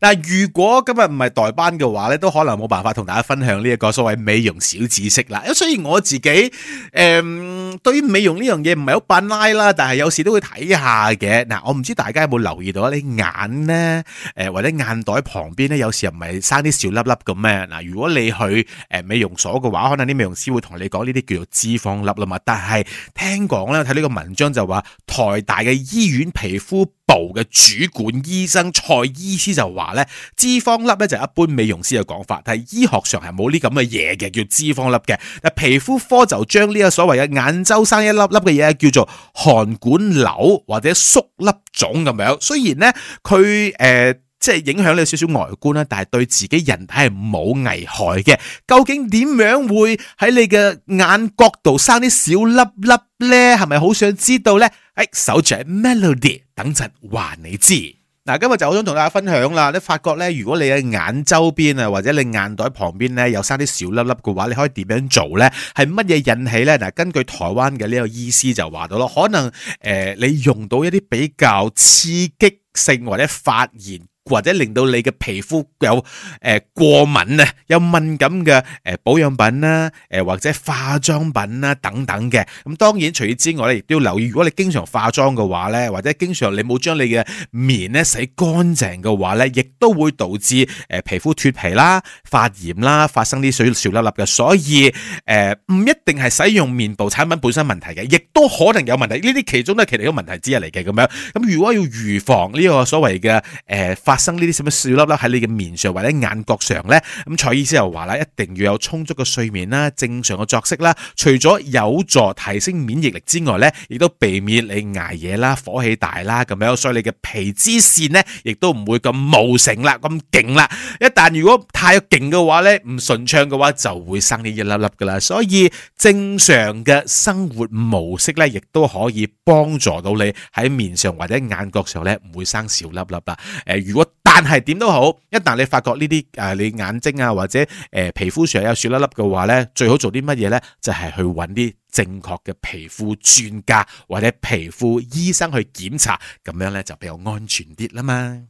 但如果今日唔係代班嘅話咧，都可能冇辦法同大家分享呢一個所謂美容小知識啦。所以我自己誒，嗯對於美容呢樣嘢唔係好扮拉啦，但係有時都會睇下嘅。嗱、嗯，我唔知大家有冇留意到你眼呢，誒、呃、或者眼袋旁邊呢，有時又唔係生啲小粒粒咁咩？嗱、嗯，如果你去誒、呃、美容所嘅話，可能啲美容師會同你講呢啲叫做脂肪粒啦嘛。但係聽講呢，睇呢個文章就話台大嘅醫院皮膚部嘅主管醫生蔡醫師就話呢，脂肪粒呢，就一般美容師嘅講法，但係醫學上係冇呢咁嘅嘢嘅，叫脂肪粒嘅。皮膚科就將呢個所謂嘅眼。周生一粒粒嘅嘢叫做汗管瘤或者粟粒腫咁樣，雖然咧佢誒即係影響你少少外觀啦，但係對自己人體係冇危害嘅。究竟點樣會喺你嘅眼角度生啲小粒粒咧？係咪好想知道咧？誒，手掌 Melody，等陣話你知。嗱，今日就好想同大家分享啦！你發覺咧，如果你嘅眼周邊啊，或者你眼袋旁邊咧，有生啲小粒粒嘅話，你可以點樣做咧？係乜嘢引起咧？嗱，根據台灣嘅呢個醫師就話到咯，可能誒、呃、你用到一啲比較刺激性或者發炎。或者令到你嘅皮膚有誒過敏啊，有敏感嘅誒保養品啦，或者化妝品啦等等嘅。咁當然除此之外咧，亦都要留意，如果你經常化妝嘅話咧，或者經常你冇將你嘅面咧洗乾淨嘅話咧，亦都會導致皮膚脫皮啦、發炎啦、發生啲水小粒粒嘅。所以誒，唔一定係使用面部產品本身問題嘅，亦都可能有問題。呢啲其中都係其中一個問題之一嚟嘅。咁樣，咁如果要預防呢個所謂嘅誒、呃生呢啲咁嘅小粒粒喺你嘅面上或者眼角上咧，咁蔡醫師又話啦，一定要有充足嘅睡眠啦，正常嘅作息啦，除咗有助提升免疫力之外咧，亦都避免你挨夜啦、火氣大啦咁樣，所以你嘅皮脂腺咧，亦都唔會咁茂盛啦、咁勁啦。一旦如果太勁嘅話咧，唔順暢嘅話，就會生呢一粒粒噶啦。所以正常嘅生活模式咧，亦都可以幫助到你喺面上或者眼角上咧，唔會生小粒粒啦。誒，如果但係點都好，一旦你發覺呢啲誒，你眼睛啊或者誒、呃、皮膚上有雪粒粒嘅話咧，最好做啲乜嘢咧？就係、是、去揾啲正確嘅皮膚專家或者皮膚醫生去檢查，咁樣咧就比較安全啲啦嘛。